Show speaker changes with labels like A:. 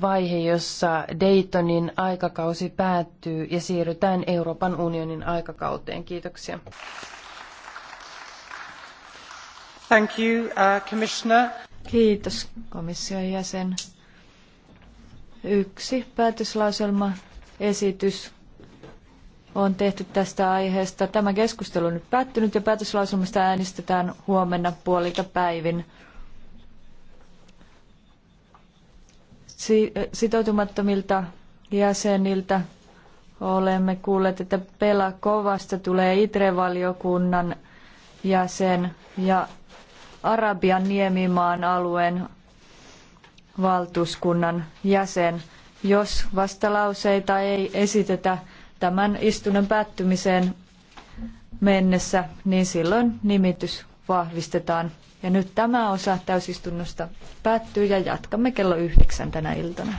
A: vaihe, jossa Daytonin aikakausi päättyy ja siirrytään Euroopan
B: unionin aikakauteen. Kiitoksia. Thank you, uh, Commissioner. Kiitos komission jäsen. Yksi päätöslauselma esitys
C: on tehty tästä aiheesta. Tämä keskustelu on nyt päättynyt ja päätöslauselmasta äänestetään huomenna puolilta päivin. sitoutumattomilta jäseniltä olemme kuulleet, että Pela Kovasta tulee ITRE-valiokunnan jäsen ja Arabian niemimaan alueen valtuuskunnan jäsen. Jos vastalauseita ei esitetä tämän istunnon päättymiseen mennessä, niin silloin nimitys vahvistetaan. Ja nyt tämä osa täysistunnosta päättyy ja jatkamme kello yhdeksän tänä
D: iltana.